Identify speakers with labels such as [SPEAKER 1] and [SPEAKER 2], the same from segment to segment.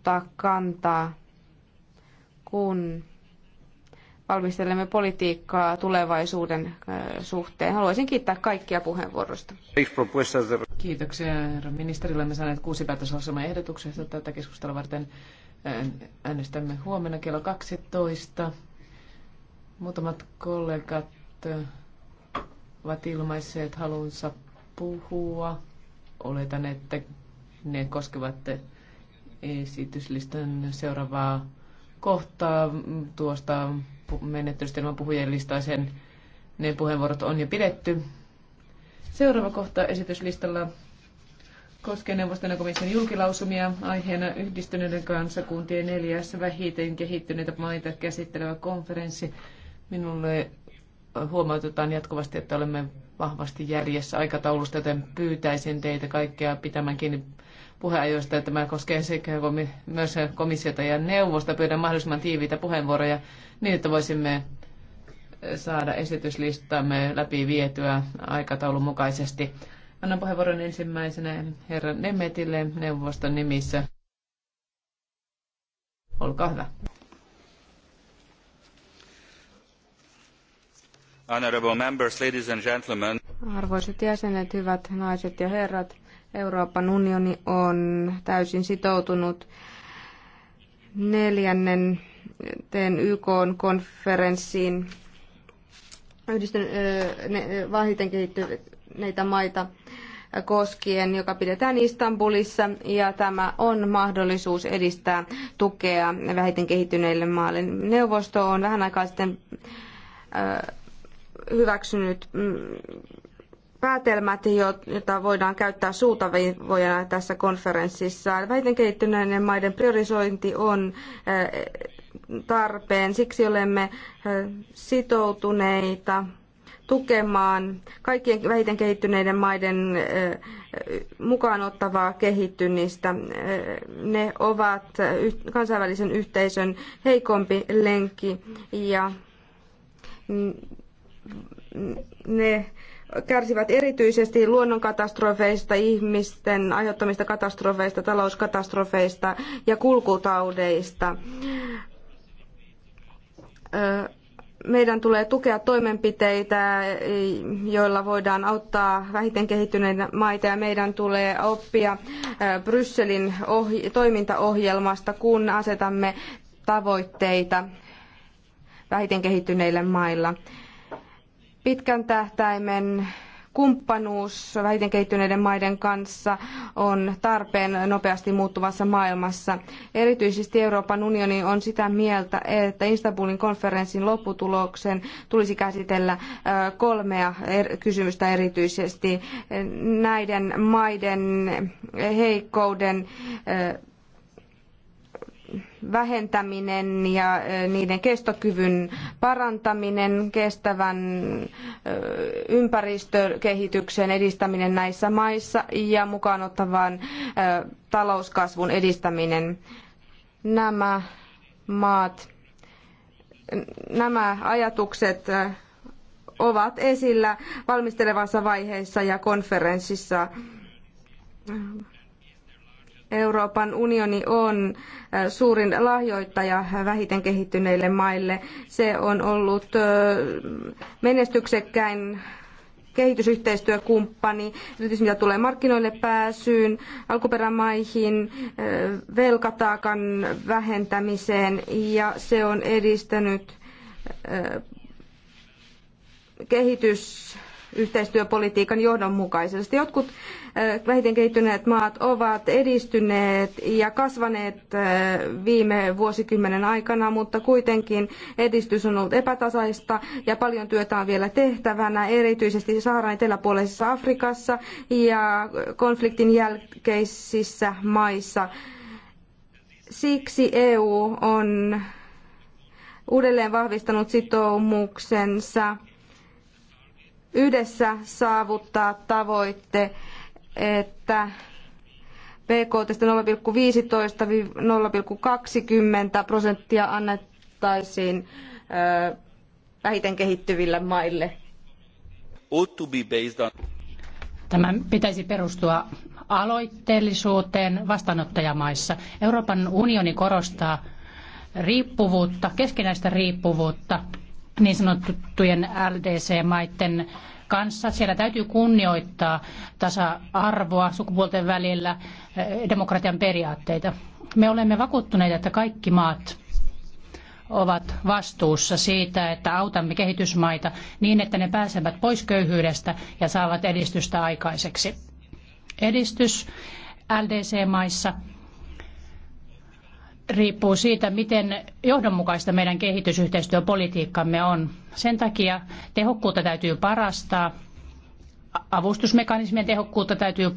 [SPEAKER 1] ottaa kantaa, kun valmistelemme
[SPEAKER 2] politiikkaa tulevaisuuden suhteen. Haluaisin kiittää kaikkia puheenvuorosta. Kiitoksia, herra ministeri. Olemme saaneet kuusi päätösohjelman ehdotuksesta tätä keskustelua varten. Äänestämme huomenna kello 12. Muutamat kollegat ovat ilmaisseet halunsa puhua. Oletan, että ne koskevat esityslistan seuraavaa kohtaa tuosta menettelystelmän puhujien listaa. Sen ne puheenvuorot on jo pidetty. Seuraava kohta esityslistalla koskee neuvoston komission julkilausumia aiheena yhdistyneiden kansakuntien neljässä vähiten kehittyneitä maita käsittelevä konferenssi. Minulle huomautetaan jatkuvasti, että olemme vahvasti järjessä aikataulusta, joten pyytäisin teitä kaikkea pitämään kiinni puheajoista, että tämä koskee sekä myös komissiota ja neuvosta. Pyydän mahdollisimman tiiviitä puheenvuoroja niin, että voisimme eh, saada esityslistamme läpi vietyä aikataulun mukaisesti. Annan puheenvuoron ensimmäisenä herra Nemetille neuvoston nimissä. Olkaa hyvä.
[SPEAKER 1] Honorable members, ladies and gentlemen. Arvoisat jäsenet, hyvät naiset ja herrat. Euroopan unioni on täysin sitoutunut neljännen teen YK-konferenssiin yhdistyn, ne, vahiten kehittyneitä maita koskien, joka pidetään Istanbulissa, ja tämä on mahdollisuus edistää tukea vähiten kehittyneille maille. Neuvosto on vähän aikaa sitten hyväksynyt mm, päätelmät, joita voidaan käyttää suuntaviivoja tässä konferenssissa. Vähiten kehittyneiden maiden priorisointi on eh, tarpeen. Siksi olemme eh, sitoutuneita tukemaan kaikkien vähiten kehittyneiden maiden eh, mukaan ottavaa kehittymistä. Ne ovat kansainvälisen yhteisön heikompi lenkki ja ne kärsivät erityisesti luonnonkatastrofeista, ihmisten aiheuttamista katastrofeista, talouskatastrofeista ja kulkutaudeista. Meidän tulee tukea toimenpiteitä, joilla voidaan auttaa vähiten kehittyneitä maita ja meidän tulee oppia Brysselin toimintaohjelmasta, kun asetamme tavoitteita vähiten kehittyneille mailla. Pitkän tähtäimen kumppanuus vähiten kehittyneiden maiden kanssa on tarpeen nopeasti muuttuvassa maailmassa. Erityisesti Euroopan unioni on sitä mieltä, että Istanbulin konferenssin lopputuloksen tulisi käsitellä kolmea er-, kysymystä erityisesti. Näiden maiden heikkouden vähentäminen ja niiden kestokyvyn parantaminen, kestävän ympäristökehityksen edistäminen näissä maissa ja mukaan ottavan talouskasvun edistäminen. Nämä maat, nämä ajatukset ovat esillä valmistelevassa vaiheessa ja konferenssissa Euroopan unioni on äh, suurin lahjoittaja vähiten kehittyneille maille. Se on ollut äh, menestyksekkäin kehitysyhteistyökumppani, erityisesti mitä tulee markkinoille pääsyyn, alkuperämaihin, äh, velkataakan vähentämiseen ja se on edistänyt kehitys yhteistyöpolitiikan johdonmukaisesti. Jotkut vähiten kehittyneet maat ovat edistyneet ja kasvaneet viime vuosikymmenen aikana, mutta kuitenkin edistys on ollut epätasaista ja paljon työtä on vielä tehtävänä, erityisesti Saharan eteläpuoleisessa Afrikassa ja konfliktin jälkeisissä maissa. Siksi EU on uudelleen vahvistanut sitoumuksensa yhdessä saavuttaa tavoitte, että BKT 0,15-0,20 prosenttia annettaisiin
[SPEAKER 3] vähiten kehittyville maille. Tämän pitäisi perustua aloitteellisuuteen vastaanottajamaissa. Euroopan unioni korostaa riippuvuutta, keskinäistä riippuvuutta niin sanottujen LDC-maiden kanssa. Siellä täytyy kunnioittaa tasa-arvoa sukupuolten välillä, eh, demokratian periaatteita. Me olemme vakuuttuneita, että kaikki maat ovat vastuussa siitä, että autamme kehitysmaita niin, että ne pääsevät pois köyhyydestä ja saavat edistystä aikaiseksi. Edistys LDC-maissa riippuu siitä, miten johdonmukaista meidän kehitysyhteistyöpolitiikkamme on. Sen takia tehokkuutta täytyy parastaa, avustusmekanismien tehokkuutta täytyy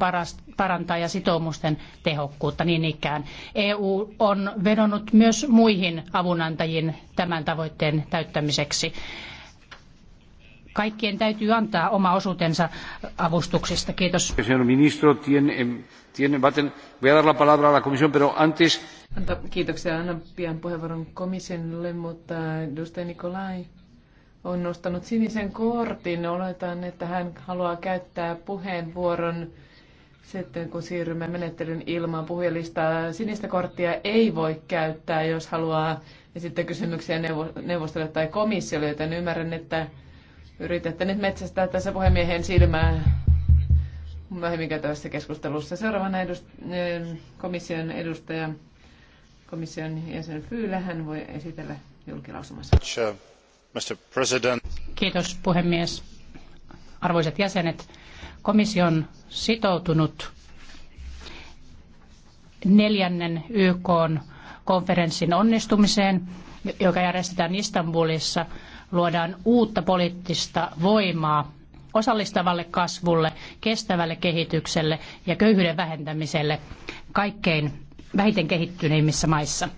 [SPEAKER 3] parantaa ja sitoumusten tehokkuutta niin ikään. EU on vedonnut myös muihin avunantajiin tämän tavoitteen täyttämiseksi. Kaikkien täytyy antaa oma osuutensa avustuksista. Kiitos
[SPEAKER 2] kiitoksia. Annan pian puheenvuoron komissiolle, mutta edustaja Nikolai on nostanut sinisen kortin. Oletan, että hän haluaa käyttää puheenvuoron sitten, kun siirrymme menettelyn ilman puhujalistaa. Sinistä korttia ei voi käyttää, jos haluaa esittää kysymyksiä neuvostolle tai komissiolle, joten ymmärrän, että yritätte nyt metsästää tässä puhemiehen silmää myöhemmin käytävässä keskustelussa. Seuraavana edust- eh, komission edustaja,
[SPEAKER 3] komission jäsen Fyylä, hän voi esitellä julkilausumassa. Kiitos puhemies. Arvoisat jäsenet, komission on sitoutunut neljännen YK konferenssin onnistumiseen, joka järjestetään Istanbulissa. Luodaan uutta poliittista voimaa osallistavalle kasvulle, kestävälle kehitykselle ja köyhyyden vähentämiselle kaikkein vähiten kehittyneimmissä maissa.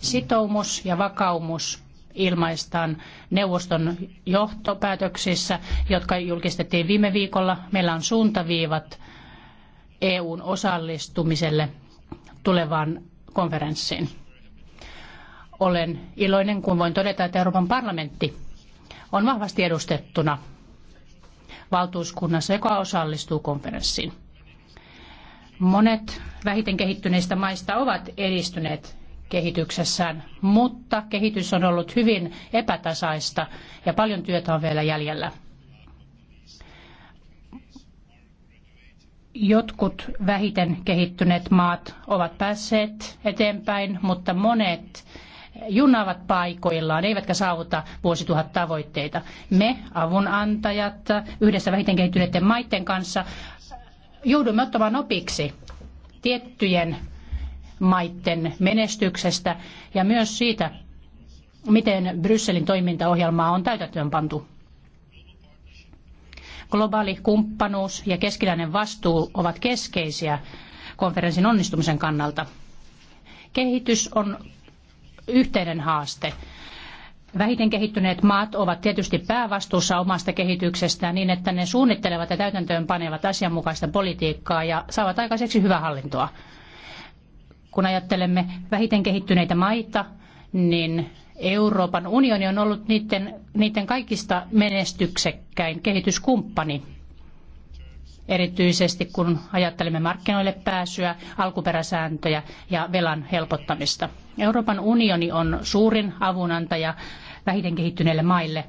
[SPEAKER 3] Sitoumus ja vakaumus ilmaistaan neuvoston johtopäätöksissä, jotka julkistettiin viime viikolla. Meillä on suuntaviivat EUn osallistumiselle tulevaan konferenssiin. Olen iloinen, kun voin todeta, että Euroopan parlamentti on vahvasti edustettuna valtuuskunnassa, joka osallistuu konferenssiin. Monet vähiten kehittyneistä maista ovat edistyneet kehityksessään, mutta kehitys on ollut hyvin epätasaista ja paljon työtä on vielä jäljellä. Jotkut vähiten kehittyneet maat ovat päässeet eteenpäin, mutta monet junaavat paikoillaan, eivätkä saavuta vuosituhat tavoitteita. Me, avunantajat, yhdessä vähiten kehittyneiden maiden kanssa joudumme ottamaan opiksi tiettyjen maiden menestyksestä ja myös siitä, miten Brysselin toimintaohjelmaa on täytäntöön pantu. Globaali kumppanuus ja keskinäinen vastuu ovat keskeisiä konferenssin onnistumisen kannalta. Kehitys on yhteinen haaste. Vähiten kehittyneet maat ovat tietysti päävastuussa omasta kehityksestään niin, että ne suunnittelevat ja täytäntöön panevat asianmukaista politiikkaa ja saavat aikaiseksi hyvää hallintoa. Kun ajattelemme vähiten kehittyneitä maita, niin Euroopan unioni on ollut niiden, niiden kaikista menestyksekkäin kehityskumppani. Erityisesti kun ajattelemme markkinoille pääsyä, alkuperäsääntöjä ja velan helpottamista. Euroopan unioni on suurin avunantaja vähiten kehittyneille maille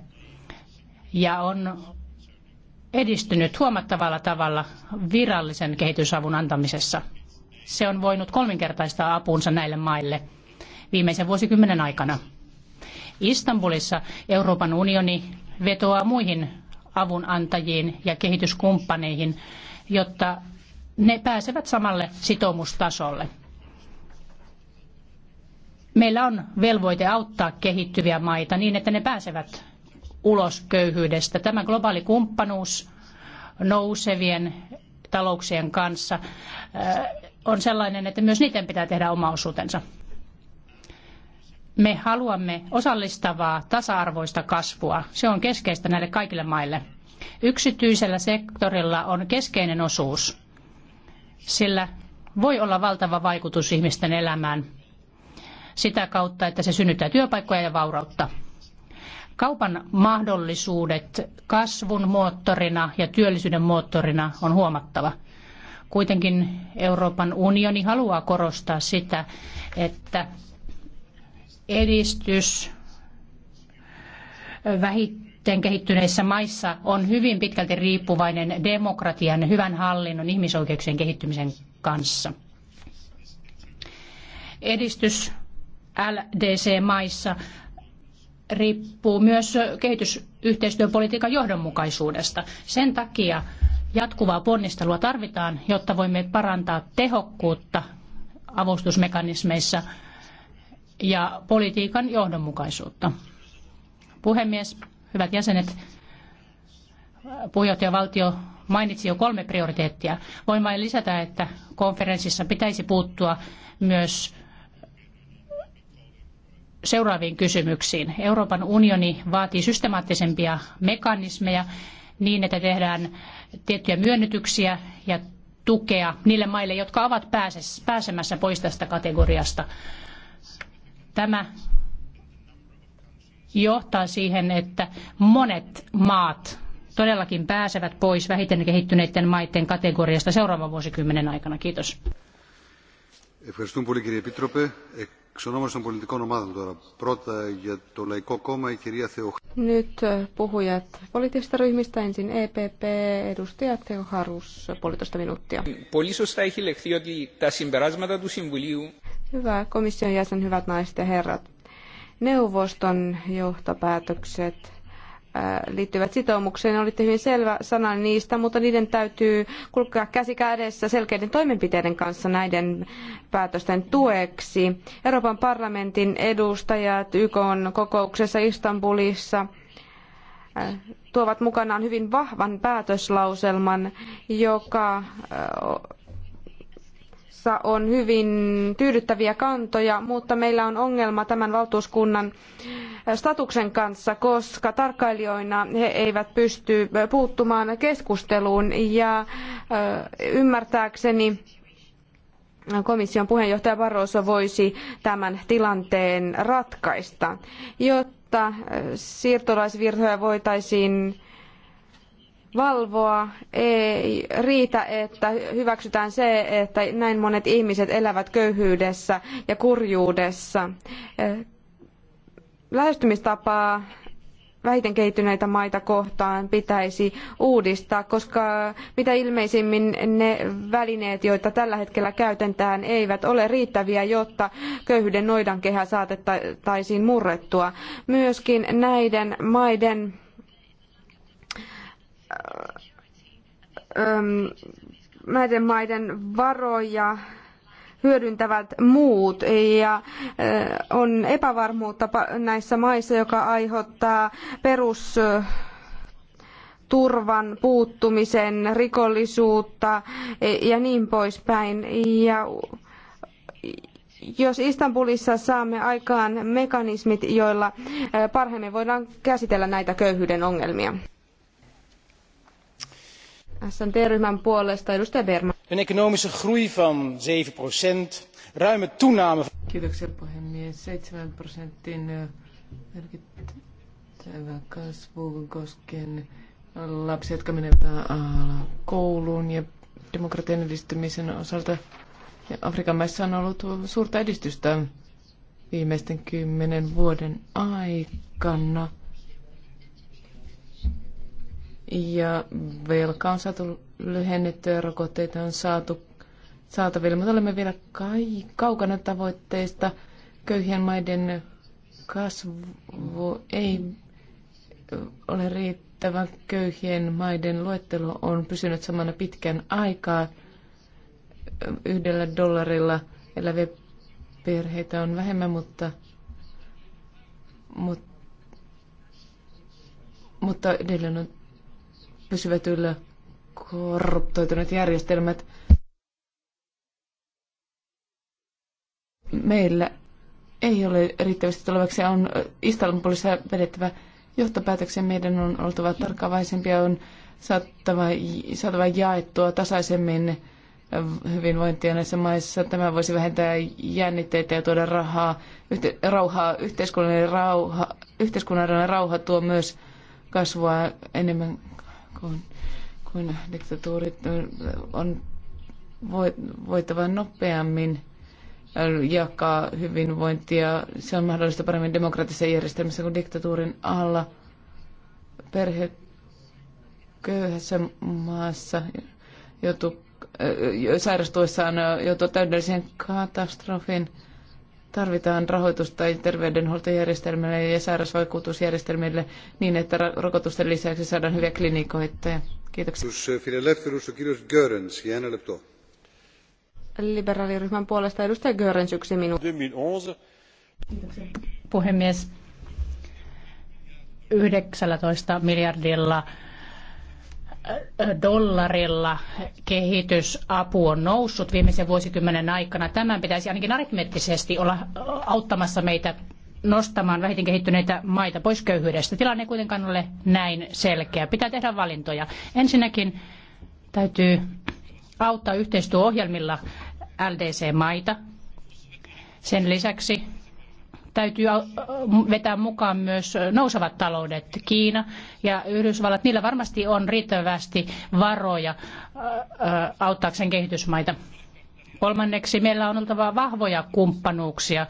[SPEAKER 3] ja on edistynyt huomattavalla tavalla virallisen kehitysavun antamisessa. Se on voinut kolminkertaistaa apunsa näille maille viimeisen vuosikymmenen aikana. Istanbulissa Euroopan unioni vetoaa muihin avunantajiin ja kehityskumppaneihin, jotta ne pääsevät samalle sitoumustasolle. Meillä on velvoite auttaa kehittyviä maita niin, että ne pääsevät ulos köyhyydestä. Tämä globaali kumppanuus nousevien talouksien kanssa äh, on sellainen, että myös niiden pitää tehdä oma osuutensa. Me haluamme osallistavaa, tasa-arvoista kasvua. Se on keskeistä näille kaikille maille. Yksityisellä sektorilla on keskeinen osuus, sillä voi olla valtava vaikutus ihmisten elämään sitä kautta, että se synnyttää työpaikkoja ja vaurautta. Kaupan mahdollisuudet kasvun moottorina ja työllisyyden moottorina on huomattava. Kuitenkin Euroopan unioni haluaa korostaa sitä, että edistys vähiten kehittyneissä maissa on hyvin pitkälti riippuvainen demokratian, hyvän hallinnon, ihmisoikeuksien kehittymisen kanssa. Edistys LDC-maissa riippuu myös kehitysyhteistyöpolitiikan johdonmukaisuudesta. Sen takia jatkuvaa ponnistelua tarvitaan, jotta voimme parantaa tehokkuutta avustusmekanismeissa ja politiikan johdonmukaisuutta. Puhemies, hyvät jäsenet, puheenjohtajavaltio mainitsi jo kolme prioriteettia. Voin vain lisätä, että konferenssissa pitäisi puuttua myös seuraaviin kysymyksiin. Euroopan unioni vaatii systemaattisempia mekanismeja niin, että tehdään tiettyjä myönnytyksiä ja tukea niille maille, jotka ovat pääsemässä pois tästä kategoriasta. Tämä johtaa siihen, että monet maat todellakin pääsevät pois vähiten kehittyneiden maiden kategoriasta seuraavan vuosikymmenen aikana. Kiitos. Ευχαριστούμε πολύ κύριε Επίτροπε. Εξ ονόματος των πολιτικών ομάδων τώρα. Πρώτα για το Λαϊκό Κόμμα η κυρία Θεοχάρου. Nyt
[SPEAKER 1] puhujat poliittisista ryhmistä ensin EPP, edustaja Θεοχάρους, puolitoista minuuttia.
[SPEAKER 2] Πολύ σωστά έχει λεχθεί ότι τα συμπεράσματα του Συμβουλίου...
[SPEAKER 1] Hyvä komission jäsen, hyvät naiset ja herrat. Neuvoston johtopäätökset liittyvät sitoumukseen. Olitte hyvin selvä sana niistä, mutta niiden täytyy kulkea käsi kädessä selkeiden toimenpiteiden kanssa näiden päätösten tueksi. Euroopan parlamentin edustajat YK on kokouksessa Istanbulissa tuovat mukanaan hyvin vahvan päätöslauselman, joka jossa on hyvin tyydyttäviä kantoja, mutta meillä on ongelma tämän valtuuskunnan eh, statuksen kanssa, koska tarkkailijoina he eivät pysty eh, puuttumaan keskusteluun ja eh, ymmärtääkseni komission puheenjohtaja Barroso voisi tämän tilanteen ratkaista, jotta siirtolaisvirtoja voitaisiin valvoa. Ei riitä, että hyväksytään se, että näin monet ihmiset elävät köyhyydessä ja kurjuudessa. Eh, Lähestymistapaa vähiten kehittyneitä maita kohtaan pitäisi uudistaa, koska mitä ilmeisimmin ne välineet, joita tällä hetkellä käytetään, eivät ole riittäviä, jotta köyhyyden noidankehä saatettaisiin murrettua. Myöskin näiden maiden näiden maiden varoja hyödyntävät muut ja on epävarmuutta näissä maissa, joka aiheuttaa perusturvan puuttumisen, rikollisuutta e, ja niin poispäin. Ja jos Istanbulissa saamme aikaan mekanismit, joilla parhaimmin voidaan käsitellä näitä köyhyyden ongelmia.
[SPEAKER 2] Een economische groei van 7 procent, ruime toename. Kiitoksia puhemies. 7 prosentin merkittävä kasvu koskien lapsia, jotka menevät kouluun ja demokratian edistymisen osalta. Ja Afrikan maissa on ollut suurta edistystä viimeisten kymmenen vuoden aikana ja velka on saatu lyhennettyä ja rokotteita on saatu saatavilla, mutta olemme vielä kai, kaukana tavoitteista. Köyhien maiden kasvu ei ole riittävä. Köyhien maiden luettelo on pysynyt samana pitkän aikaa. Yhdellä dollarilla eläviä perheitä on vähemmän, mutta, mutta, mutta edelleen on pysyvät yllä korruptoituneet järjestelmät. Meillä ei ole riittävästi tulevaksi. On Istanbulissa vedettävä johtopäätöksen. Meidän on oltava tarkkaavaisempia, on saattava, saatava jaettua tasaisemmin hyvinvointia näissä maissa. Tämä voisi vähentää jännitteitä ja tuoda rahaa, yhte, rauhaa. Yhteiskunnallinen rauha, yhteiskunnallinen rauha tuo myös kasvua enemmän kun, kun diktatuurit on voitava nopeammin jakaa hyvinvointia. Se on mahdollista paremmin demokraattisessa järjestelmässä kuin diktatuurin alla. Perhe köyhässä maassa joutuu sairastuessaan joutuu täydellisen katastrofin tarvitaan rahoitusta terveydenhuoltojärjestelmille ja sairausvaikutusjärjestelmille niin, että rokotusten lisäksi saadaan hyviä klinikoittajia. Kiitoksia.
[SPEAKER 1] Liberaaliryhmän puolesta edustaja Görens yksi minuutti.
[SPEAKER 3] Kiitoksia. Puhemies, 19 miljardilla dollarilla kehitysapu on noussut viimeisen vuosikymmenen aikana. Tämän pitäisi ainakin aritmeettisesti olla auttamassa meitä nostamaan vähiten kehittyneitä maita pois köyhyydestä. Tilanne ei kuitenkaan ole näin selkeä. Pitää tehdä valintoja. Ensinnäkin täytyy auttaa yhteistyöohjelmilla LDC-maita. Sen lisäksi täytyy vetää mukaan myös nousevat taloudet, Kiina ja Yhdysvallat. Niillä varmasti on riittävästi varoja auttaakseen kehitysmaita. Kolmanneksi meillä on oltava vahvoja kumppanuuksia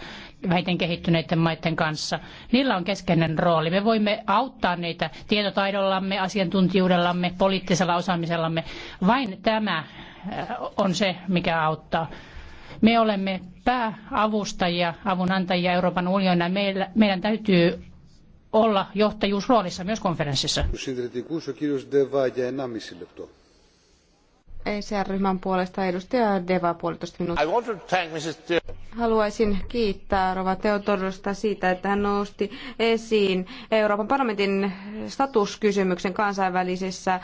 [SPEAKER 3] vähiten kehittyneiden maiden kanssa. Niillä on keskeinen rooli. Me voimme auttaa niitä tietotaidollamme, asiantuntijuudellamme, poliittisella osaamisellamme. Vain tämä on se, mikä auttaa. Me olemme pääavustajia, avunantajia Euroopan unionina. Meillä, meidän täytyy olla johtajuusroolissa myös konferenssissa. ECR-ryhmän
[SPEAKER 1] e puolesta edustaja Deva puolitoista
[SPEAKER 3] minuuttia.
[SPEAKER 1] Haluaisin kiittää Rova Teodorosta siitä, että hän nosti esiin Euroopan parlamentin statuskysymyksen kansainvälisessä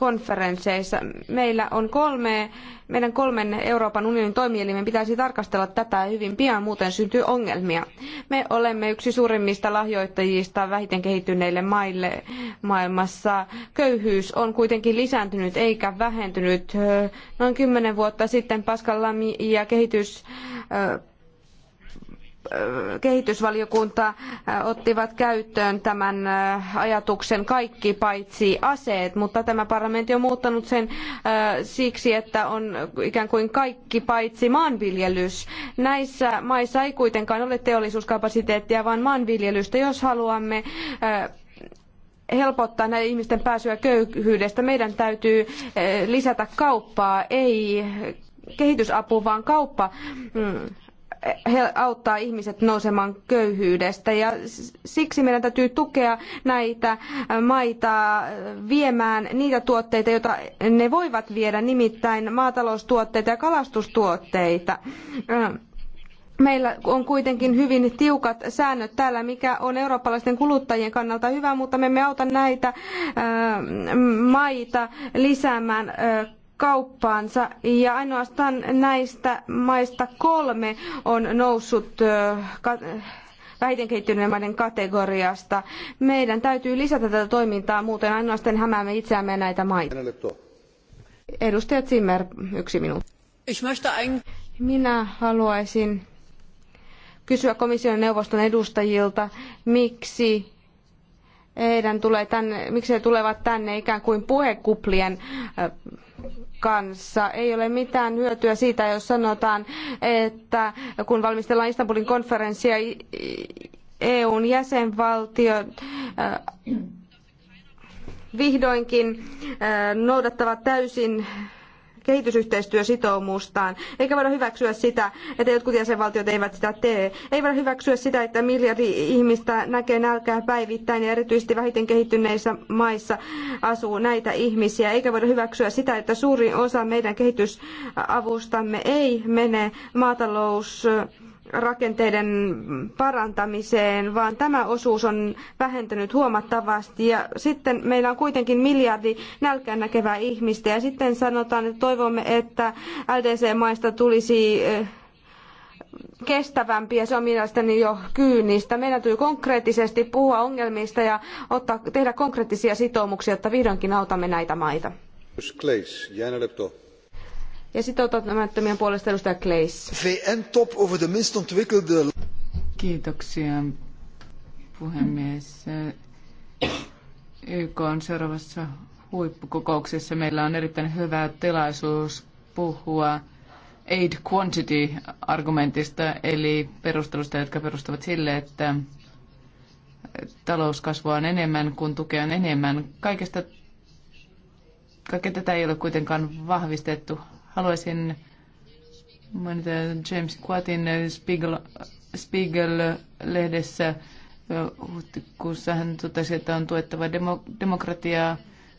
[SPEAKER 1] konferensseissa. Meillä on kolme, meidän kolmen Euroopan unionin toimielimen pitäisi tarkastella tätä hyvin pian, muuten syntyy ongelmia. Me olemme yksi suurimmista lahjoittajista vähiten kehittyneille maille maailmassa. Köyhyys on kuitenkin lisääntynyt eikä vähentynyt. Noin kymmenen vuotta sitten Pascal Lamy ja kehitys kehitysvaliokunta äh, ottivat käyttöön tämän äh, ajatuksen kaikki paitsi aseet, mutta tämä parlamentti on muuttanut sen äh, siksi, että on ikään kuin kaikki paitsi maanviljelys. Näissä maissa ei kuitenkaan ole teollisuuskapasiteettia, vaan maanviljelystä, jos haluamme helpottaa näiden ihmisten pääsyä köyhyydestä. Meidän täytyy lisätä kauppaa, ei kehitysapu, vaan kauppa mm auttaa ihmiset nousemaan köyhyydestä. Ja siksi meidän täytyy tukea näitä maita viemään niitä tuotteita, joita ne voivat viedä, nimittäin maataloustuotteita ja kalastustuotteita. Meillä on kuitenkin hyvin tiukat säännöt täällä, mikä on eurooppalaisten kuluttajien kannalta hyvä, mutta me emme auta näitä maita lisäämään kauppaansa ja ainoastaan näistä maista kolme on noussut vähiten kehittyneiden maiden kategoriasta. Meidän täytyy lisätä tätä toimintaa, muuten ainoastaan hämäämme itseämme näitä maita. Edustaja Zimmer, yksi minuutti. Minä haluaisin kysyä komission neuvoston edustajilta, miksi heidän tulee tänne, miksi he tulevat tänne ikään kuin puhekuplien kanssa. Ei ole mitään hyötyä siitä, jos sanotaan, että kun valmistellaan Istanbulin konferenssia, EUn jäsenvaltiot vihdoinkin noudattavat täysin kehitysyhteistyösitoumustaan, eikä voida hyväksyä sitä, että jotkut jäsenvaltiot eivät sitä tee. Ei voida hyväksyä sitä, että miljardi ihmistä näkee nälkää päivittäin ja erityisesti vähiten kehittyneissä maissa asuu näitä ihmisiä. Eikä voida hyväksyä sitä, että suurin osa meidän kehitysavustamme ei mene maatalous rakenteiden parantamiseen, vaan tämä osuus on vähentynyt huomattavasti. Ja sitten meillä on kuitenkin miljardi nälkään näkevää ihmistä ja sitten sanotaan, että toivomme, että LDC-maista tulisi eh, kestävämpi ja se on mielestäni jo kyynistä. Meidän täytyy konkreettisesti puhua ongelmista ja ottaa, tehdä konkreettisia sitoumuksia, jotta vihdoinkin autamme näitä maita.
[SPEAKER 3] Klaes,
[SPEAKER 2] ja sitoutumattomien puolesta edustaja Kleis. VN-top over de minst ontwikkelde... Kiitoksia, puhemies. YK on seuraavassa huippukokouksessa. Meillä on erittäin hyvä tilaisuus puhua aid quantity-argumentista, eli perustelusta, jotka perustuvat sille, että talouskasvua on enemmän, kuin tukea on enemmän. Kaikesta, kaikkea tätä ei ole kuitenkaan vahvistettu Haluaisin mainita James Quatin Spiegel, Spiegel-lehdessä huhtikuussa hän totesi, että on tuettava demo, demokratiaa,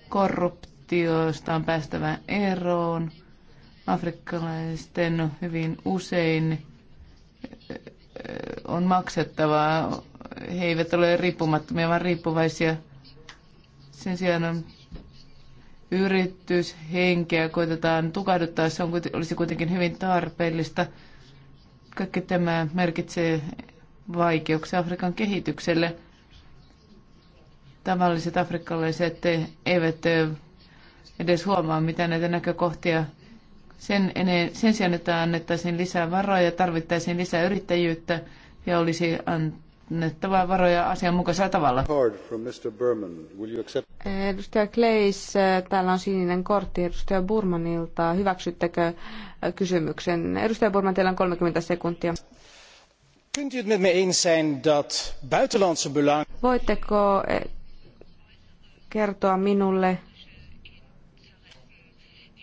[SPEAKER 2] korruptiosta on päästävä eroon. Afrikkalaisten hyvin usein eh, on maksettavaa. He eivät ole riippumattomia, vaan riippuvaisia. Sen sijaan on yrityshenkeä koitetaan tukahduttaa. Se on, olisi kuitenkin hyvin tarpeellista. Kaikki tämä merkitsee vaikeuksia Afrikan kehitykselle. Tavalliset afrikkalaiset eivät edes huomaa, mitä näitä näkökohtia sen, sen sijaan, että annettaisiin lisää varoja, tarvittaisiin lisää yrittäjyyttä ja olisi an, kohdennettava varoja asianmukaisella tavalla.
[SPEAKER 1] Edustaja Kleis, täällä on sininen kortti edustaja Burmanilta. Hyväksyttekö äh, kysymyksen? Edustaja Burman, teillä on 30 sekuntia.
[SPEAKER 2] Voitteko
[SPEAKER 1] eh, kertoa minulle,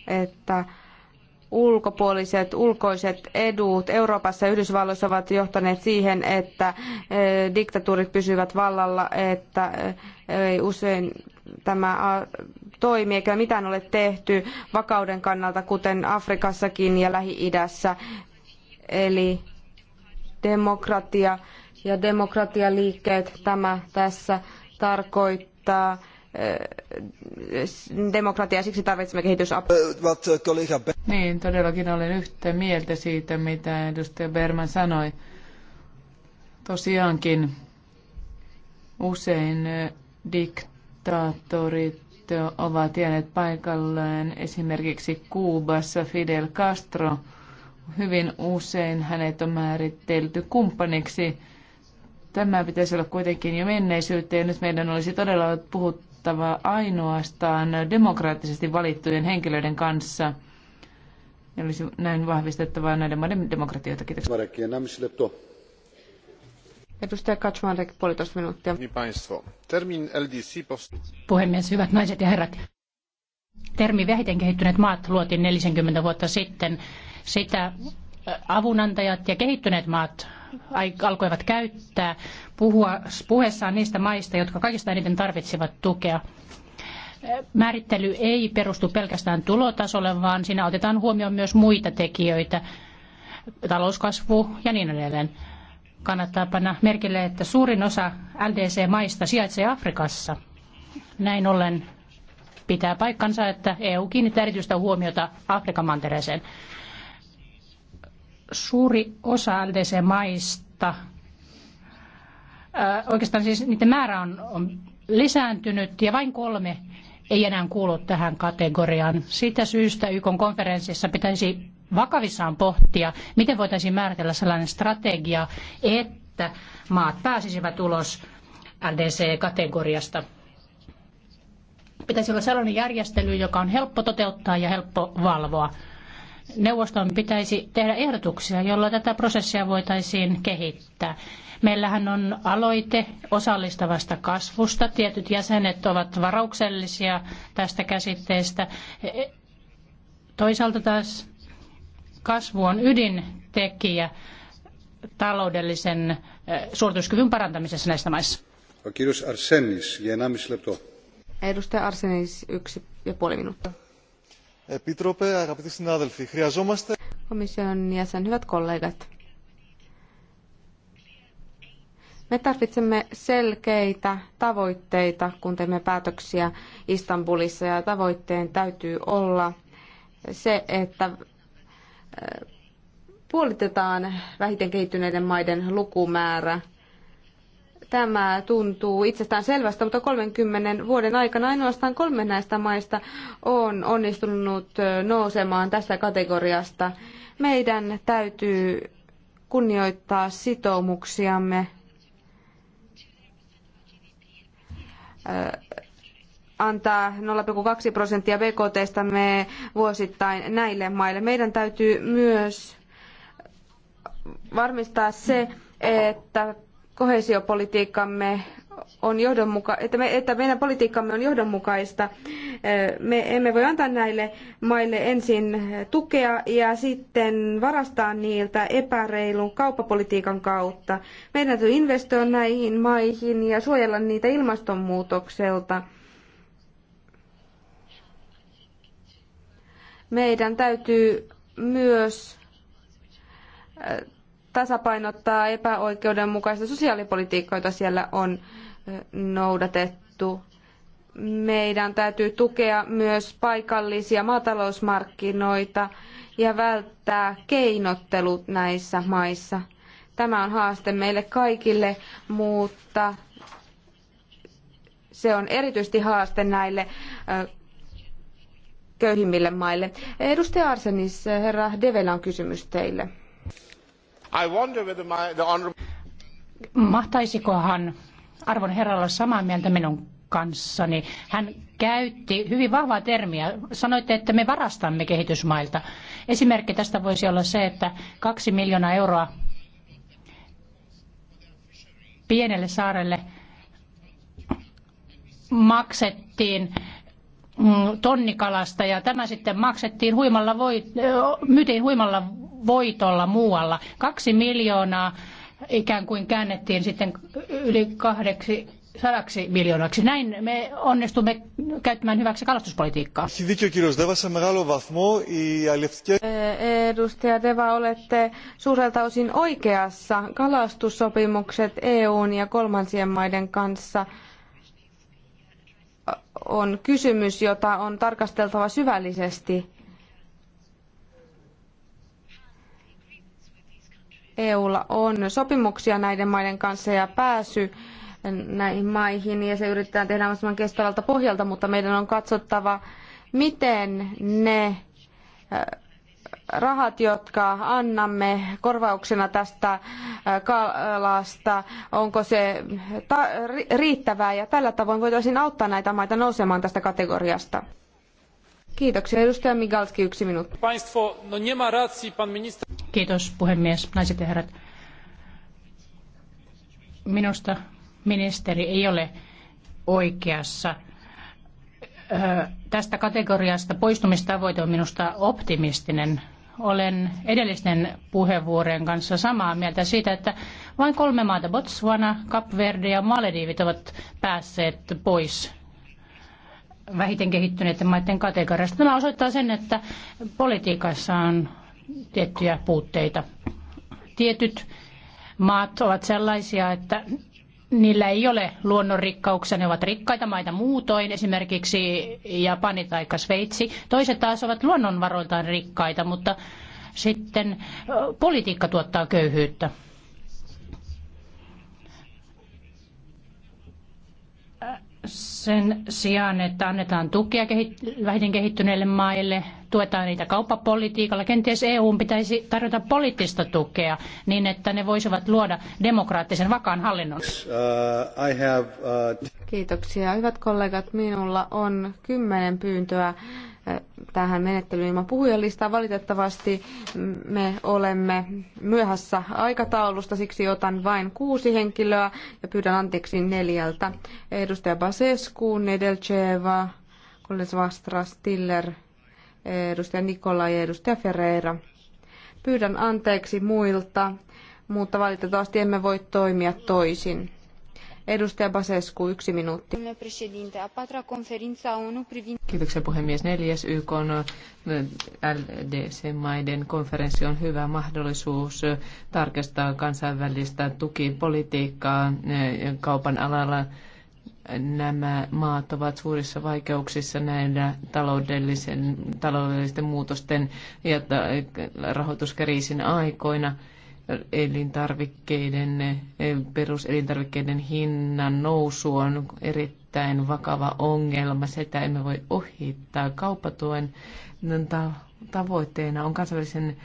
[SPEAKER 1] että ulkopuoliset, ulkoiset edut Euroopassa ja Yhdysvalloissa ovat johtaneet siihen, että eh, diktatuurit pysyvät vallalla, että eh, ei usein tämä toimi eikä mitään ole tehty vakauden kannalta, kuten Afrikassakin ja Lähi-idässä. Eli demokratia ja demokratialiikkeet tämä tässä
[SPEAKER 2] tarkoittaa demokratiaa, siksi tarvitsemme kehitysapua. Uh, niin, todellakin olen yhtä mieltä siitä, mitä edustaja Berman sanoi. Tosiaankin usein diktaattorit ovat jääneet paikalleen. Esimerkiksi Kuubassa Fidel Castro. Hyvin usein hänet on määritelty kumppaniksi. Tämä pitäisi olla kuitenkin jo menneisyyteen. Nyt meidän olisi todella puhuttu neuvoteltava ainoastaan demokraattisesti valittujen henkilöiden kanssa. Ja olisi näin vahvistettava näiden maiden demokratioita. Kiitoksia.
[SPEAKER 3] Edustaja Kaczmarek,
[SPEAKER 2] puolitoista minuuttia.
[SPEAKER 3] Puhemies, hyvät naiset ja herrat. Termi vähiten kehittyneet maat luotiin 40 vuotta sitten. Sitä avunantajat ja kehittyneet maat alkoivat käyttää puhua, puheessaan niistä maista, jotka kaikista eniten tarvitsevat tukea. Määrittely ei perustu pelkästään tulotasolle, vaan siinä otetaan huomioon myös muita tekijöitä, talouskasvu ja niin edelleen. Kannattaa panna merkille, että suurin osa LDC-maista sijaitsee Afrikassa. Näin ollen pitää paikkansa, että EU kiinnittää erityistä huomiota Afrikan mantereeseen suuri osa LDC-maista, äh, oikeastaan siis niiden määrä on, on lisääntynyt ja vain kolme ei enää kuulu tähän kategoriaan. Siitä syystä YK konferenssissa pitäisi vakavissaan pohtia, miten voitaisiin määritellä sellainen strategia, että maat pääsisivät ulos LDC-kategoriasta. Pitäisi olla sellainen järjestely, joka on helppo toteuttaa ja helppo valvoa neuvoston pitäisi tehdä ehdotuksia, joilla tätä prosessia voitaisiin kehittää. Meillähän on aloite osallistavasta kasvusta. Tietyt jäsenet ovat varauksellisia tästä käsitteestä. Toisaalta taas kasvu on ydintekijä taloudellisen eh, suorituskyvyn parantamisessa näissä maissa. Kiitos Arsenis, ja Edustaja Arsenis, yksi ja puoli minuuttia αγαπητοί συνάδελφοι, χρειαζόμαστε...
[SPEAKER 1] Komission jäsen, hyvät kollegat. Me tarvitsemme selkeitä tavoitteita, kun teemme päätöksiä Istanbulissa, ja tavoitteen täytyy olla se, että äh, puolitetaan vähiten kehittyneiden maiden lukumäärä Tämä tuntuu itsestään selvästä, mutta 30 vuoden aikana ainoastaan kolme näistä maista on onnistunut nousemaan tästä kategoriasta. Meidän täytyy kunnioittaa sitoumuksiamme antaa 0,2 prosenttia BKTstämme vuosittain näille maille. Meidän täytyy myös varmistaa se, että kohesiopolitiikkamme on johdonmuka- että, me, että meidän politiikkamme on johdonmukaista. Me emme voi antaa näille maille ensin tukea ja sitten varastaa niiltä epäreilun kauppapolitiikan kautta. Meidän täytyy investoida näihin maihin ja suojella niitä ilmastonmuutokselta. Meidän täytyy myös tasapainottaa epäoikeudenmukaista sosiaalipolitiikkaa, jota siellä on noudatettu. Meidän täytyy tukea myös paikallisia maatalousmarkkinoita ja välttää keinottelut näissä maissa. Tämä on haaste meille kaikille, mutta se on erityisesti haaste näille köyhimmille maille. Edustaja Arsenis, herra Devela kysymys teille.
[SPEAKER 3] Mahtaisikohan arvon herralla olla samaa mieltä minun kanssani? Hän käytti hyvin vahvaa termiä. Sanoitte, että me varastamme kehitysmailta. Esimerkki tästä voisi olla se, että kaksi miljoonaa euroa pienelle saarelle maksettiin mm, tonnikalasta ja tämä sitten maksettiin huimalla voit, myytiin huimalla voitolla muualla. Kaksi miljoonaa ikään kuin käännettiin sitten yli kahdeksi sadaksi miljoonaksi. Näin me onnistumme käyttämään hyväksi kalastuspolitiikkaa.
[SPEAKER 1] Edustaja Deva, olette suurelta osin oikeassa. Kalastussopimukset EUn ja kolmansien maiden kanssa on kysymys, jota on tarkasteltava syvällisesti EUlla on sopimuksia näiden maiden kanssa ja pääsy näihin maihin ja se yritetään tehdä mahdollisimman kestävältä pohjalta, mutta meidän on katsottava, miten ne äh, rahat, jotka annamme korvauksena tästä äh, kalasta, onko se äh, riittävää ja tällä tavoin voitaisiin auttaa näitä maita nousemaan tästä kategoriasta. Kiitoksia. Edustaja Migalski, yksi minuutti.
[SPEAKER 2] No
[SPEAKER 3] Kiitos puhemies, naiset ja herrat. Minusta ministeri ei ole oikeassa. Tästä kategoriasta poistumistavoite on minusta optimistinen. Olen edellisten puheenvuorojen kanssa samaa mieltä siitä, että vain kolme maata, Botswana, Verde ja Malediivit, ovat päässeet pois vähiten kehittyneiden maiden kategoriasta. Tämä osoittaa sen, että politiikassa on tiettyjä puutteita. Tietyt maat ovat sellaisia, että niillä ei ole luonnonrikkauksia, ne ovat rikkaita maita muutoin, esimerkiksi Japani tai Sveitsi. Toiset taas ovat luonnonvaroiltaan rikkaita, mutta sitten politiikka tuottaa köyhyyttä. sen sijaan, että annetaan tukea vähiten kehittyneille maille, tuetaan niitä kauppapolitiikalla. Kenties EU pitäisi tarjota poliittista tukea niin, että ne voisivat luoda demokraattisen vakaan hallinnon. Uh, uh, Kiitoksia.
[SPEAKER 1] Hyvät kollegat, minulla on kymmenen pyyntöä tähän menettelyyn ilman puhujalistaa. Valitettavasti me olemme myöhässä aikataulusta, siksi otan vain kuusi henkilöä ja pyydän anteeksi neljältä. Edustaja Basescu, Nedelcheva, Kolles Vastra, Stiller, edustaja Nikola ja edustaja Ferreira. Pyydän anteeksi muilta, mutta valitettavasti emme voi toimia toisin. Edustaja Basescu, yksi minuutti.
[SPEAKER 2] Kiitoksia puhemies. Neljäs YK on äh, LDC-maiden konferenssi on hyvä mahdollisuus tarkastaa kansainvälistä tukipolitiikkaa äh, kaupan alalla nämä maat ovat suurissa vaikeuksissa näillä taloudellisten muutosten ja rahoituskriisin aikoina elintarvikkeiden, peruselintarvikkeiden hinnan nousu on erittäin vakava ongelma. Sitä emme voi ohittaa. Kauppatuen tavoitteena on kansainvälisen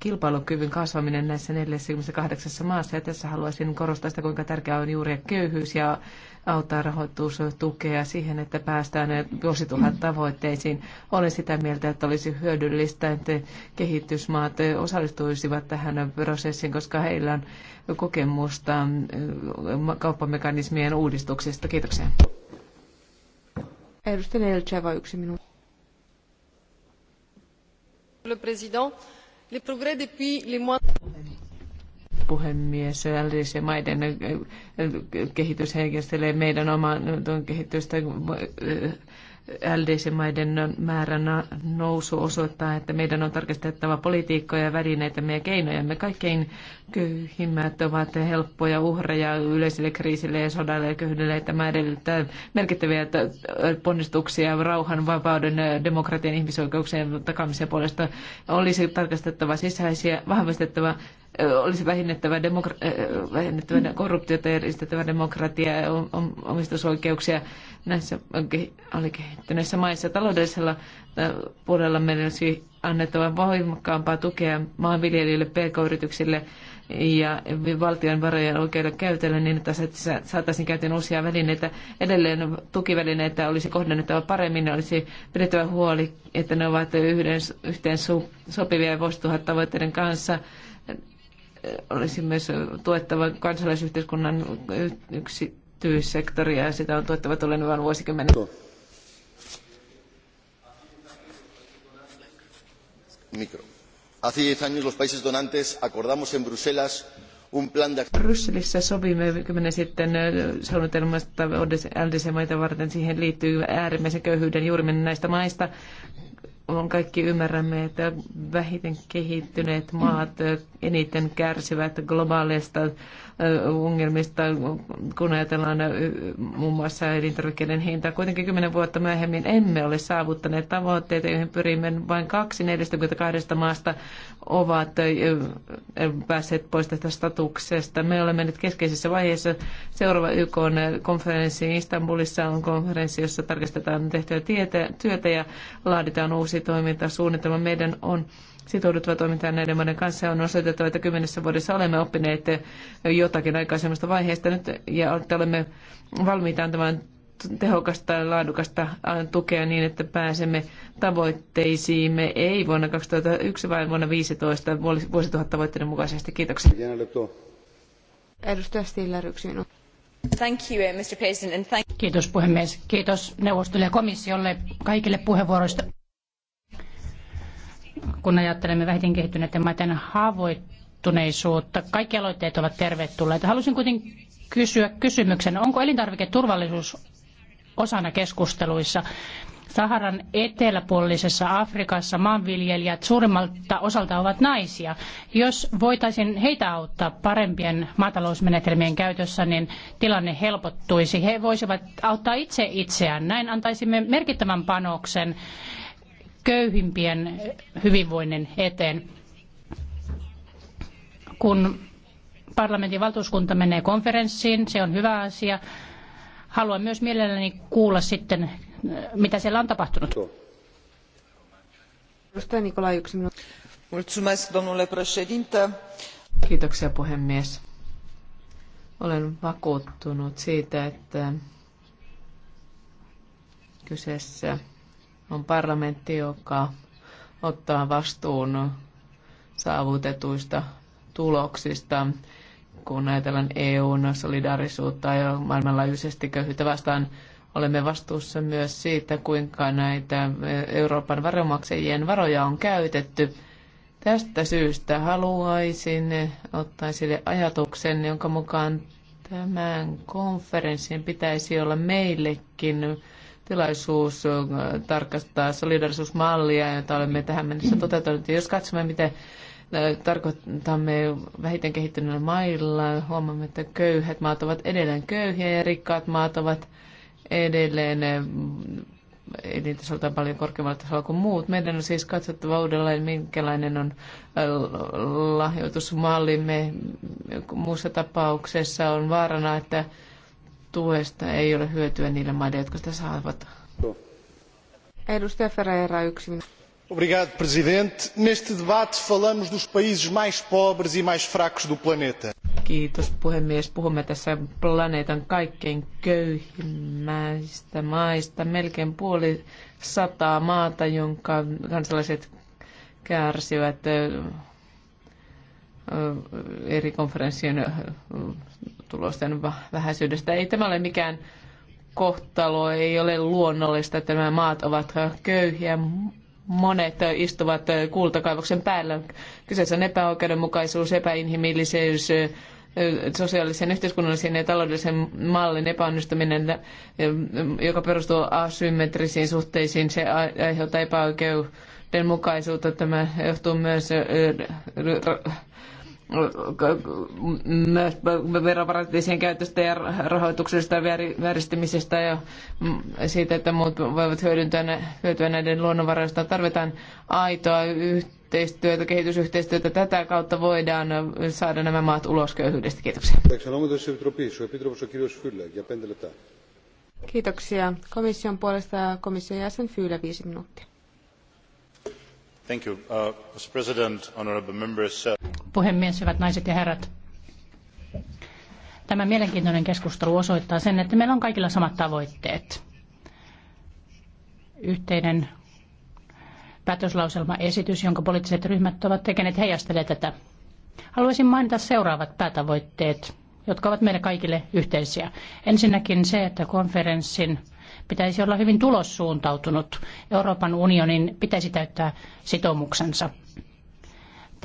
[SPEAKER 2] kilpailukyvyn kasvaminen näissä 48 maassa. Ja tässä haluaisin korostaa sitä, kuinka tärkeää on juuri köyhyys ja auttaa rahoitustukea siihen, että päästään vuosituhat tavoitteisiin. Olen sitä mieltä, että olisi hyödyllistä, että kehitysmaat osallistuisivat tähän prosessiin, koska heillä on kokemusta kauppamekanismien uudistuksista. Kiitoksia.
[SPEAKER 1] Edustaja Elcheva, yksi minuutti. Le président, les progrès depuis les mois
[SPEAKER 2] puhemies. LDC maiden äh, äh, kehitys heikentelee meidän oman no, kehitystä. Äh, LDC-maiden määrän nousu osoittaa, että meidän on tarkistettava politiikkoja, välineitä keinoja, keinojamme. Kaikkein köyhimmät ovat helppoja uhreja yleiselle kriisille ja sodalle ja köyhdelle. Tämä edellyttää merkittäviä ponnistuksia rauhan, vapauden, demokratian, ihmisoikeuksien takamisen puolesta. Olisi tarkastettava sisäisiä, vahvistettava olisi vähennettävä, demokra- eh, eh, vähennettävä mm. korruptiota ja edistettävä demokratiaa ja omistusoikeuksia näissä alikehittyneissä maissa. Taloudellisella eh, puolella meidän olisi annettava voimakkaampaa tukea maanviljelijöille, pk-yrityksille ja valtion varojen oikeuden käytölle niin, että saataisiin käytön uusia välineitä. Edelleen tukivälineitä olisi kohdennettava paremmin, olisi pidettävä huoli, että ne ovat yhden, yhteen sopivia tavoitteiden kanssa – olisi myös tuettava kansalaisyhteiskunnan yksityissektoria ja sitä on tuettava tulevan vuosikymmenen.
[SPEAKER 1] Mikro. Hace 10 años los países donantes acordamos en Bruselas
[SPEAKER 2] un plan de... Brysselissä sovimme kymmenen sitten suunnitelmasta LDC-maita varten. Siihen liittyy äärimmäisen köyhyyden juuri näistä maista kun kaikki ymmärrämme, että vähiten kehittyneet maat eniten kärsivät globaaleista ongelmista, kun ajatellaan muun muassa elintarvikkeiden hintaa. Kuitenkin kymmenen vuotta myöhemmin emme ole saavuttaneet tavoitteita, joihin pyrimme. Vain kaksi 42 maasta ovat päässeet pois tästä statuksesta. Me olemme nyt keskeisessä vaiheessa. Seuraava YK on konferenssi Istanbulissa on konferenssi, jossa tarkastetaan tehtyä työtä ja laaditaan uusi toimintasuunnitelma. Meidän on sitouduttava toimintaan näiden maiden kanssa on osoitettava, että kymmenessä vuodessa olemme oppineet jotakin aikaisemmasta vaiheesta nyt ja että olemme valmiita antamaan tehokasta ja laadukasta tukea niin, että pääsemme tavoitteisiimme ei vuonna 2001, vaan vuonna 2015 vuosituhat tavoitteiden mukaisesti. Kiitoksia.
[SPEAKER 1] Edustaja Stiller, yksi minuutti. Thank you, Mr. President, and thank...
[SPEAKER 2] Kiitos
[SPEAKER 3] puhemies. Kiitos neuvostolle ja komissiolle kaikille puheenvuoroista kun ajattelemme vähiten kehittyneiden maiden haavoittuneisuutta. Kaikki aloitteet ovat tervetulleita. Haluaisin kuitenkin kysyä kysymyksen, onko elintarviketurvallisuus osana keskusteluissa? Saharan eteläpuolisessa Afrikassa maanviljelijät suurimmalta osalta ovat naisia. Jos voitaisiin heitä auttaa parempien maatalousmenetelmien käytössä, niin tilanne helpottuisi. He voisivat auttaa itse itseään. Näin antaisimme merkittävän panoksen köyhimpien hyvinvoinnin eteen. Kun parlamentin valtuuskunta menee konferenssiin, se on hyvä asia. Haluan myös mielelläni kuulla sitten, mitä siellä on tapahtunut.
[SPEAKER 2] Kiitoksia puhemies. Olen vakuuttunut siitä, että kyseessä on parlamentti, joka ottaa vastuun saavutetuista tuloksista, kun ajatellaan EUn solidaarisuutta ja maailmanlaajuisesti köyhyyttä vastaan. Olemme vastuussa myös siitä, kuinka näitä Euroopan varomaksajien varoja on käytetty. Tästä syystä haluaisin ottaa sille ajatuksen, jonka mukaan tämän konferenssin pitäisi olla meillekin tilaisuus tarkastaa solidarisuusmallia, jota olemme tähän mennessä toteuttaneet. Jos katsomme, mitä tarkoitamme vähiten kehittyneillä mailla, huomaamme, että köyhät maat ovat edelleen köyhiä ja rikkaat maat ovat edelleen elintasoltaan paljon korkeammalla tasolla kuin muut. Meidän on siis katsottava uudelleen, minkälainen on lahjoitusmallimme. Muussa tapauksessa on vaarana, että tuesta ei ole hyötyä niille maille, jotka sitä saavat. Edustaja Ferreira, yksi Obrigado, Presidente. Neste debate falamos dos países mais pobres e mais fracos do planeta. Kiitos puhemies. Puhumme tässä planeetan kaikkein köyhimmäistä maista. Melkein puoli sataa maata, jonka kansalaiset kärsivät eri konferenssien tulosten vähäisyydestä. Ei tämä ole mikään kohtalo, ei ole luonnollista, että nämä maat ovat köyhiä. Monet istuvat kultakaivoksen päällä. Kyseessä on epäoikeudenmukaisuus, epäinhimillisyys, sosiaalisen, yhteiskunnallisen ja taloudellisen mallin epäonnistuminen, joka perustuu asymmetrisiin suhteisiin, se aiheuttaa epäoikeudenmukaisuutta. Tämä johtuu myös myös veroparatiisien käytöstä ja rahoituksesta ja vääristymisestä ja mm, siitä, että muut voivat hyödyntää, hyötyä näiden luonnonvaroista. Tarvitaan aitoa yhteistyötä, kehitysyhteistyötä. Tätä kautta voidaan saada nämä maat ulos köyhyydestä. Kiitoksia.
[SPEAKER 1] Kiitoksia. Komission puolesta ja komission jäsen Fyylä viisi minuuttia.
[SPEAKER 2] Thank you. Uh, Mr. President, honorable members. Uh
[SPEAKER 3] puhemies, hyvät naiset ja herrat. Tämä mielenkiintoinen keskustelu osoittaa sen, että meillä on kaikilla samat tavoitteet. Yhteinen päätöslauselmaesitys, jonka poliittiset ryhmät ovat tekeneet, heijastelee tätä. Haluaisin mainita seuraavat päätavoitteet, jotka ovat meille kaikille yhteisiä. Ensinnäkin se, että konferenssin pitäisi olla hyvin tulossuuntautunut. Euroopan unionin pitäisi täyttää sitoumuksensa.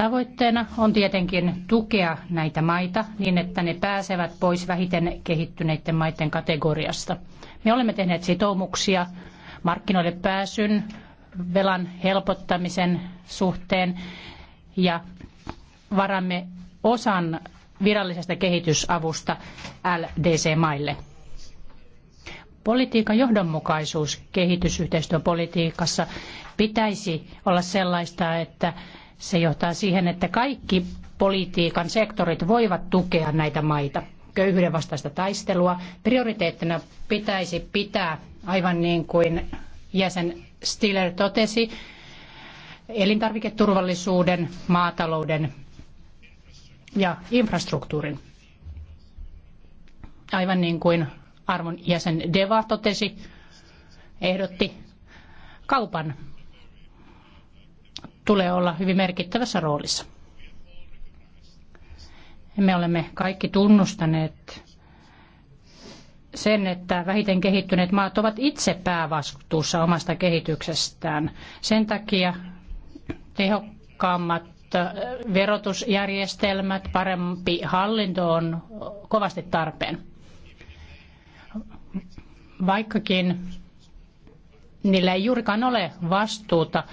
[SPEAKER 3] Tavoitteena on tietenkin tukea näitä maita niin, että ne pääsevät pois vähiten kehittyneiden maiden kategoriasta. Me olemme tehneet sitoumuksia markkinoille pääsyn, velan helpottamisen suhteen ja varamme osan virallisesta kehitysavusta LDC-maille. Politiikan johdonmukaisuus kehitysyhteistyöpolitiikassa pitäisi olla sellaista, että se johtaa siihen, että kaikki politiikan sektorit voivat tukea näitä maita. Köyhyyden vastaista taistelua prioriteettina pitäisi pitää, aivan niin kuin jäsen Stiller totesi, elintarviketurvallisuuden, maatalouden ja infrastruktuurin. Aivan niin kuin arvon jäsen Deva totesi, ehdotti kaupan tulee olla hyvin merkittävässä roolissa. Me olemme kaikki tunnustaneet sen, että vähiten kehittyneet maat ovat itse päävastuussa omasta kehityksestään. Sen takia tehokkaammat verotusjärjestelmät, parempi hallinto on kovasti tarpeen. Vaikkakin niillä ei juurikaan ole vastuuta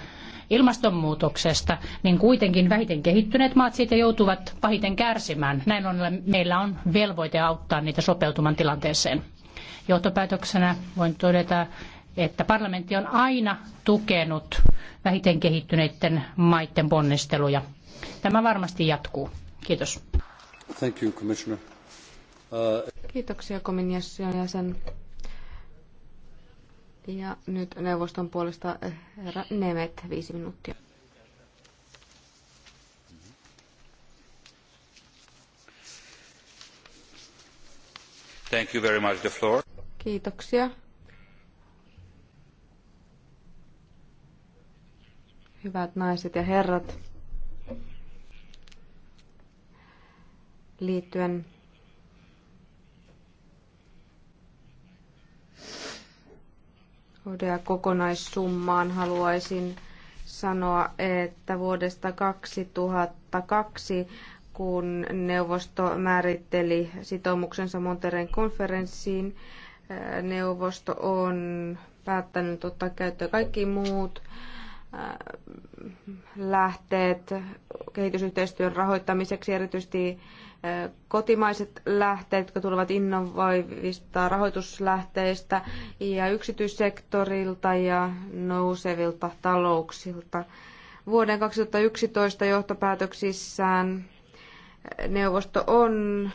[SPEAKER 3] ilmastonmuutoksesta, niin kuitenkin vähiten kehittyneet maat siitä joutuvat pahiten kärsimään. Näin on, meillä on velvoite auttaa niitä sopeutumaan tilanteeseen. Johtopäätöksenä voin todeta, että parlamentti on aina tukenut vähiten kehittyneiden maiden ponnisteluja. Tämä varmasti jatkuu. Kiitos. Thank you, Commissioner. Uh... Kiitoksia komission jäsen.
[SPEAKER 1] Ja nyt neuvoston puolesta eh, herra Nemet, viisi minuuttia.
[SPEAKER 3] Thank you very much, the floor.
[SPEAKER 1] Kiitoksia. Hyvät naiset ja herrat, liittyen kokonaissummaan haluaisin sanoa, että vuodesta 2002, kun neuvosto määritteli sitoumuksensa Montereen konferenssiin, äh, neuvosto on päättänyt ottaa käyttöön kaikki muut äh, lähteet kehitysyhteistyön rahoittamiseksi, erityisesti kotimaiset lähteet, jotka tulevat innovoivista rahoituslähteistä ja yksityissektorilta ja nousevilta talouksilta. Vuoden 2011 johtopäätöksissään neuvosto on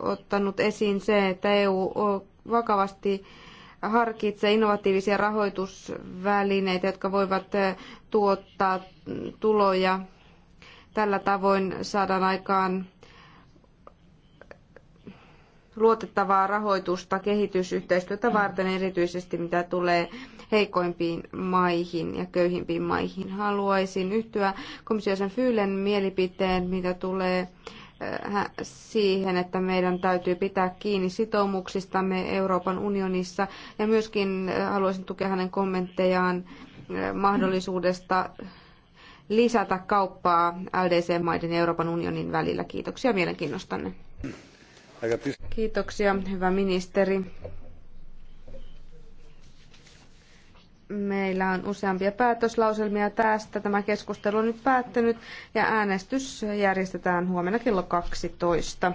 [SPEAKER 1] ottanut esiin se, että EU vakavasti harkitsee innovatiivisia rahoitusvälineitä, jotka voivat tuottaa tuloja. Tällä tavoin saadaan aikaan luotettavaa rahoitusta kehitysyhteistyötä varten, erityisesti mitä tulee heikoimpiin maihin ja köyhimpiin maihin. Haluaisin yhtyä komissiosen Fyylen mielipiteen, mitä tulee äh, siihen, että meidän täytyy pitää kiinni sitoumuksistamme Euroopan unionissa. Ja myöskin äh, haluaisin tukea hänen kommenttejaan äh, mahdollisuudesta lisätä kauppaa LDC-maiden ja Euroopan unionin välillä. Kiitoksia mielenkiinnostanne. Kiitoksia, hyvä ministeri. Meillä on useampia päätöslauselmia tästä. Tämä keskustelu on nyt päättynyt ja äänestys järjestetään huomenna kello 12.